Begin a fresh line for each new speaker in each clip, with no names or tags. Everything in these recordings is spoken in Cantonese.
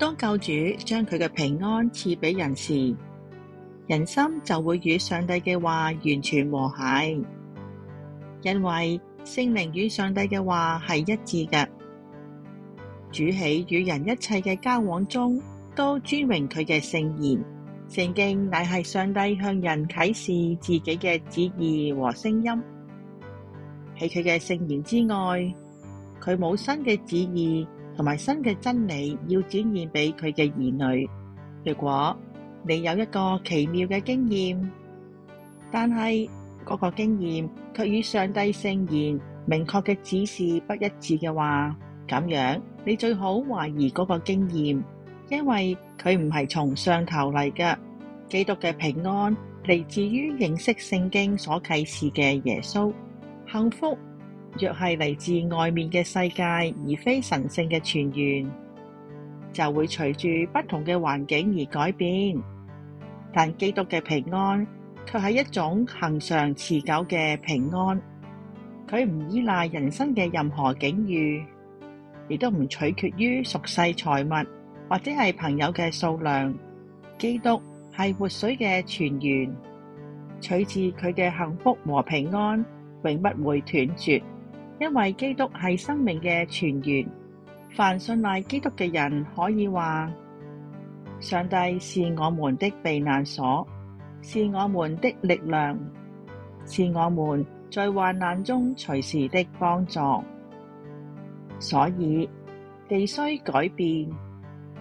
當救主將佢嘅平安賜俾人時，人心就會與上帝嘅話完全和諧，因為聖靈與上帝嘅話係一致嘅。主喺與人一切嘅交往中，都尊榮佢嘅聖言。聖經乃係上帝向人啟示自己嘅旨意和聲音。喺佢嘅聖言之外，佢冇新嘅旨意。同埋新嘅真理要展現俾佢嘅兒女。如果你有一個奇妙嘅經驗，但係嗰個經驗卻與上帝聖言明確嘅指示不一致嘅話，咁樣你最好懷疑嗰個經驗，因為佢唔係從上頭嚟嘅。基督嘅平安嚟自於認識聖經所啟示嘅耶穌，幸福。若係嚟自外面嘅世界，而非神聖嘅泉源，就會隨住不同嘅環境而改變。但基督嘅平安，卻係一種恆常持久嘅平安，佢唔依賴人生嘅任何境遇，亦都唔取決於屬世財物或者係朋友嘅數量。基督係活水嘅泉源，取自佢嘅幸福和平安，永不會斷絕。因為基督係生命嘅泉源，凡信賴基督嘅人可以話：上帝是我們的避難所，是我們的力量，是我們在患難中隨時的幫助。所以地雖改變，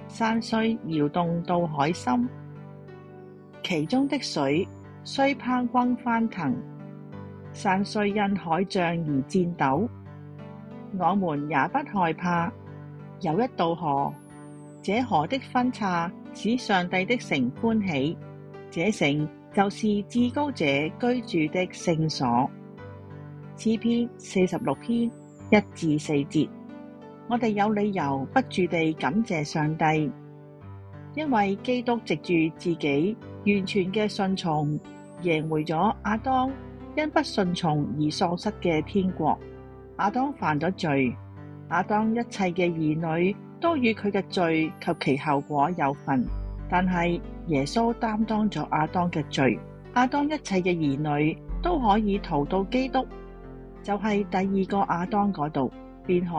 山雖搖動到海心，其中的水雖匉訇翻騰。山雖因海漲而顫抖，我們也不害怕。有一道河，這河的分叉使上帝的城歡喜，這城就是至高者居住的聖所。詩篇四十六篇一至四節，我哋有理由不住地感謝上帝，因為基督藉住自己完全嘅順從，贏回咗亞當，因不順從而喪失嘅天國，亞當犯咗罪，亞當一切嘅兒女都與佢嘅罪及其後果有份。但係耶穌擔當咗亞當嘅罪，亞當一切嘅兒女都可以逃到基督，就係、是、第二個亞當嗰度，便可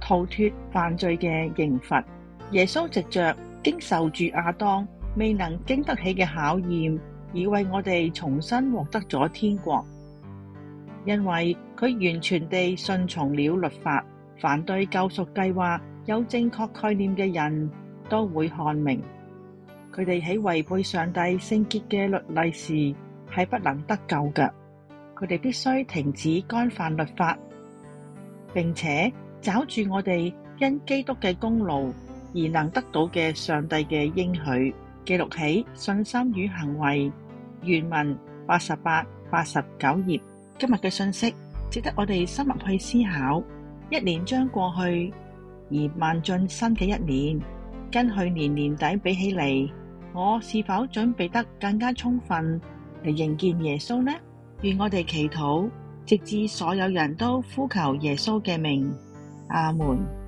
逃脱犯罪嘅刑罰。耶穌藉着經受住亞當未能經得起嘅考驗以為我哋重新獲得咗天國，因為佢完全地信從了律法，凡對救贖計劃有正確概念嘅人都會看明，佢哋喺違背上帝聖潔嘅律例時，係不能得救嘅。佢哋必須停止干犯律法，並且找住我哋因基督嘅功勞而能得到嘅上帝嘅應許。記錄起信心與行為，原文八十八、八十九頁。今日嘅信息值得我哋深入去思考。一年將過去，而邁進新嘅一年，跟去年年底比起嚟，我是否準備得更加充分嚟迎見耶穌呢？願我哋祈禱，直至所有人都呼求耶穌嘅名。阿門。